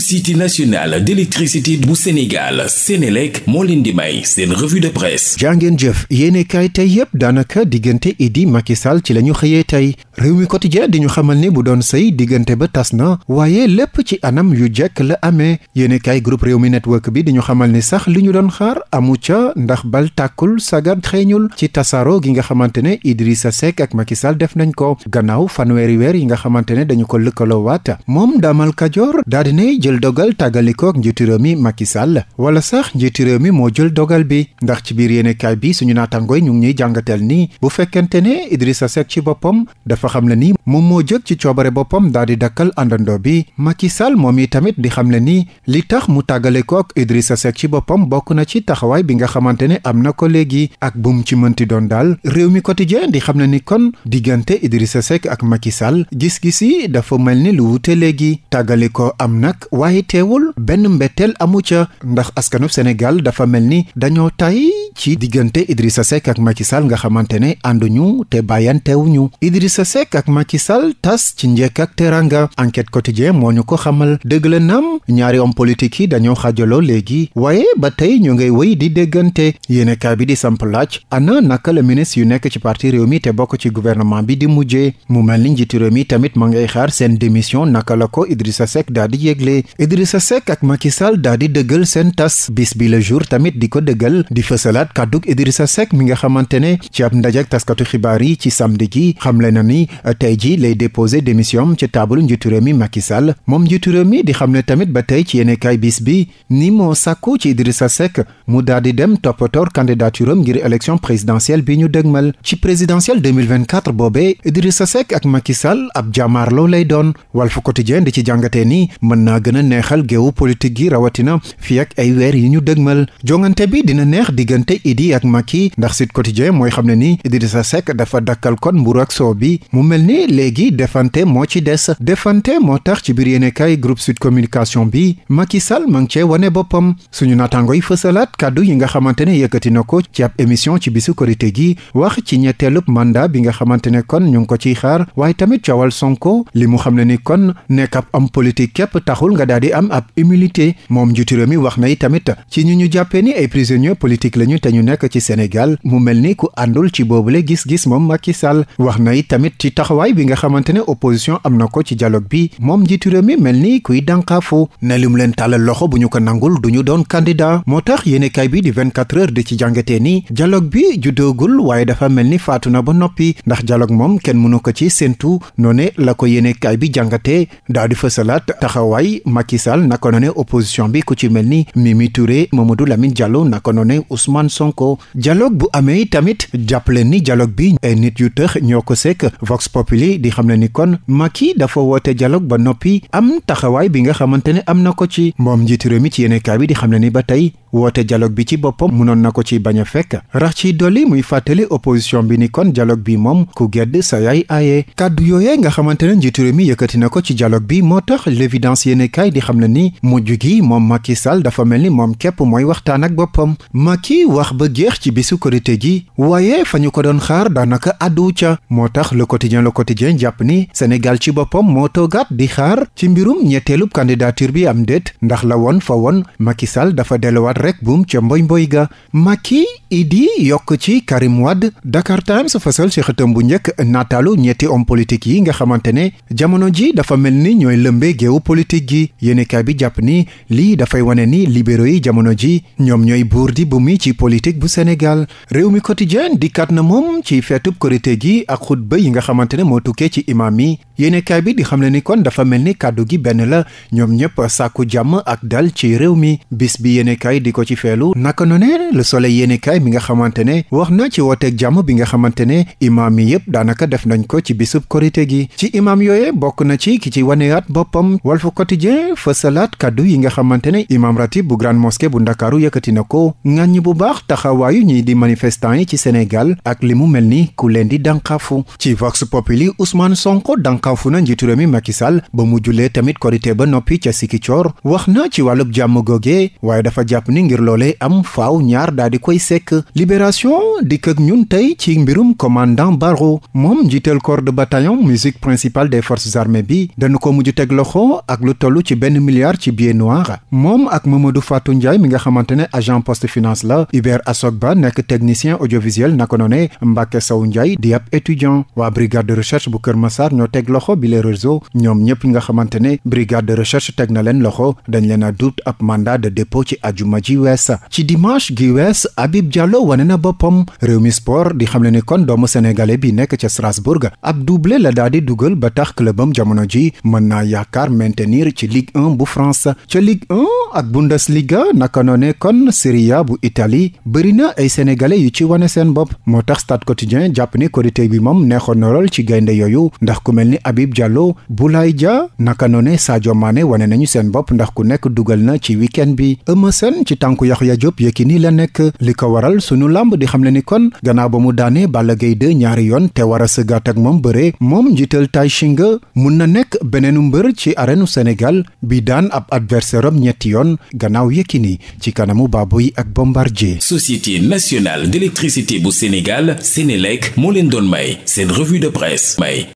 société nationale d'électricité bu Sénégal Sénélec moo leen di may seen revue de presse jàngeen jëf yéene kaay tey yépp daanaka diggante Idi Macky Sall ci la ñu xëyee tey réew mi quotidien di ñu xamal ni bu doon sëy diggante ba tas na waaye lépp ci anam yu jekk la amee yéene kaay groupe réew mi network bi di ñu xamal ni sax li ñu doon xaar amu ca ndax bal tàkkul sagar xeeñul ci tasaaro gi nga xamante ne sa Seck ak Macky Sall def nañ ko gannaaw fanweeri weer yi nga xamante ne dañu jël dogal tàggalikook njiitu réew mi Macky Sall wala sax njiitu réew mi moo jël dogal bi ndax ci biir yéenekaay bi suñu naatangooy ñu ngi ñuy jàngateel nii bu fekkente ne Idrissa Seck ci boppam dafa xam ne ni moom moo jëg ci coobare boppam daal di dakkal àndandoo bi Macky Sall moom yi tamit di xam ne nii li tax mu tàggalikook Idrissa Seck ci boppam bokk na ci taxawaay bi nga xamante ne am na ko léegi ak bu mu ci mënti doon daal réew mi quotidien di xam ne ni kon diggante Idrissa Seck ak Macky Sall gis-gis yi mel ni léegi tàggalikoo am nag nag waaye teewul benn mbetteel amu ca ndax askanu Sénégal dafa mel ni dañoo tay ci diggante Idrissa Seck ak Macky Sall nga xamante ne ànduñu te bàyyantewuñu Idrissa Seck ak Macky Sall tas ci njekk ak teranga enquête quotidien moo ñu ko xamal dëgg la naam ñaari homme politique yi dañoo xajaloo léegi waaye ba tey ñu ngay wëy di déggante yéenekaay bi di samp laaj ana naka la ministre yu nekk ci parti réew mi te bokk ci gouvernement bi di mujjee mu mel ni njiitu réew mi tamit ma ngay xaar seen démission naka la ko Idrissa Seck daal di yégle Idrissa Seck ak Macky Sall daal di dëggal seen tas bis bi le jour tamit di ko dëggal di fësalaat déggaat kàddug Idrissa Seck mi nga xamante ne ci ab ndajak taskatu xibaar yi ci samedi gi xamle na ni euh, tey ji lay déposé démission ci taabalu njiitu réew mi Macky Sall moom njiitu di xamle tamit ba tey ci yéenekaay bis bi ni moo sàkku ci Idrissa Seck mu daal di dem toppatoor candidature am ngir élection présidentielle bi ñu dëgmal ci présidentielle 2024 boobee Idrissa Seck ak Macky Sall ab jàmmaarloo lay doon Walf Quotidien di ci jàngate ni mën naa gën a neexal géewu politique gi rawatina fi ak jàppee Idi ak Macky ndax Sud Quotidien mooy xam ne ni Idrissa Seck dafa dakkal kon mburu ak soow bi mu mel ni léegi defante moo ci des defante moo tax ci biir yeneen kay groupe Sud Communication bi Macky Sall ma ngi cee wane boppam suñu naataango yi fësalaat kàddu yi nga xamante ne yëkkati na ko ci ab émission ci bisu korité gi wax ci ñetteelub mandat bi nga xamante ne kon ñu ngi ko ciy xaar waaye tamit coowal Sonko li mu xam ne ni kon nekk ab homme képp taxul nga daal di am ab immunité moom njiitu wax na ci ñu ay te ñu nekk ci Sénégal mu mel ni ku àndul ci boobu boobule gis-gis moom Macky Sall wax na yi tamit ci taxawaay bi nga xamante ne opposition am na ko ci dialogue bi moom njiitu réew mi mel ni kuy dànkaafu ne lim leen tàllal loxo bu ñu ko nangul du ñu doon candidat moo tax yéenekaay bi di 24 heures di ci jàngatee ni dialogue bi juddoogul waaye dafa mel ni faatu na ba noppi ndax dialogue moom kenn mënu ko ci séentu noone la ko yéenekaay bi jàngatee daa di fësalaat taxawaay Macky Sall naka noone opposition bi ku ci mel ni Mimi Touré Mamadou Lamine Diallo Ousmane Sonko bu amee tamit jàppale ni jaloog bi ay nit yu tëx ñoo ko sekk Vox Populi di xam ne ni kon Macky dafa woote jaloog ba noppi am taxawaay bi nga xamante ne am na ko ci moom njiitu mi ci yéenekaay bi di xam ne ni ba tey woote dialogue bi ci boppam munoon na ko ci bañ a fekk rax ci dolli muy fàttali opposition bi ni kon dialogue bi moom ku gedd sa yaay aaye kàddu yooyee nga xamante ne njiiture mi yëkkati na ko ci dialogue bi moo tax l'évidence yéene kaay di xam ne ni mujj gi moom Macky Sall dafa mel ni moom képp mooy waxtaan ak boppam Macky wax ba jeex ci bisu korité gi waaye fa ñu ko doon xaar daanaka àddu ca moo tax le quotidien le quotidien jàpp ni Sénégal ci boppam moo toogaat di xaar ci mbirum ñetteelub bi am déet ndax la woon fa woon Macky dafa delluwaat rek buum ca mboy mboy ga Macky idi yokk ci Karim Wade Dakar Times fësal ci bu njëkk nataalu ñetti homme politique yi nga xamante ne jamono ji dafa mel ni ñooy lëmbee politique gi yéenekaay bi jàpp ni lii dafay wane ni libéraux yi jamono ji ñoom ñooy buur di bu ci politique bu Sénégal réew mi quotidien dikkaat na moom ci feetub korite gi ak xutba yi nga xamante ne moo tukkee ci imaam yi yéenekaay bi di xam ne ni kon dafa mel ni kàddu gi benn la ñoom ñëpp sàkku jàmm ak dal ci réew mi bis bi yéenekaay di ko ci feelu naka noone le soleil yéenekaay mi nga xamante ne wax na ci wooteeg jàmm bi nga xamante ne imaam yi yëpp daanaka def nañ ko ci bisub korite gi ci imaam yooye bokk na ci ki ci waneyaat boppam Walf Quotidien fësalaat kàddu yi nga xamante ne imaam ratib bu grande mosquée bu ndakaaru yëkkati na ko ŋàññi bu baax taxawaayu ñi di manifestan yi ci Sénégal ak li mu mel ni ku leen di dànkaafu ci Vox Populi Ousmane Sonko dànkaafu na njiitu réew mi Macky Sall ba mu jullee tamit korite ba noppi ca Sikicoor wax na ngir loolee am faw ñaar daal di koy sekk libération dikk ak ñun tey ci mbirum commandant Barro moom njiital corps de bataillon musique principale des forces armées bi dañu ko mujj teg loxo ak lu toll ci benn milliard ci billet noir moom ak Mamadou Fatou Ndiaye mi nga xamante ne agent poste finance la Hubert ba nekk technicien audiovisuel naka noone Mbacke Sow Ndiaye di ab étudiant waa brigade de recherche bu Kër Massar ñoo teg loxo bi les réseaux ñoom ñëpp ñi nga xamante ne brigade de recherche teg na leen loxo dañ leen a ji wees ci dimanche gi wees abib Diallo wane na boppam réew mi sport di xamle ni kon doomu sénégalais bi nekk ca Strasbourg ab doublé la daal di dugal ba tax clubam jamono ji mën naa yaakaar maintenir ci Ligue 1 bu France ca Ligue 1 ak Bundesliga naka noone kon Serie bu itali bëri na ay sénégalais yu ci wane seen bopp moo tax Stade Quotidien jàpp ni Korité bi moom neexoon na lool ci gaynde yooyu ndax ku mel ni Habib bu Boulaye Dia naka noone Sadio Mané wane nañu seen bopp ndax ku nekk dugal na ci ci tànku Yaxya Diop Yékini la nekk li ko waral sunu làmb di xamle ni kon gannaaw ba mu daanee Balla Gaye ñaari yoon te war a sëgaat ak moom bëree moom njiital Tay Shinga mun na nekk beneenu mbër ci arènu Sénégal bi daan ab adversaire am ñetti yoon gannaaw Yékini ci kanamu yi ak Bombardier. Société nationale d'électricité bu Sénégal Sénélec moo leen doon may seen revue de presse may.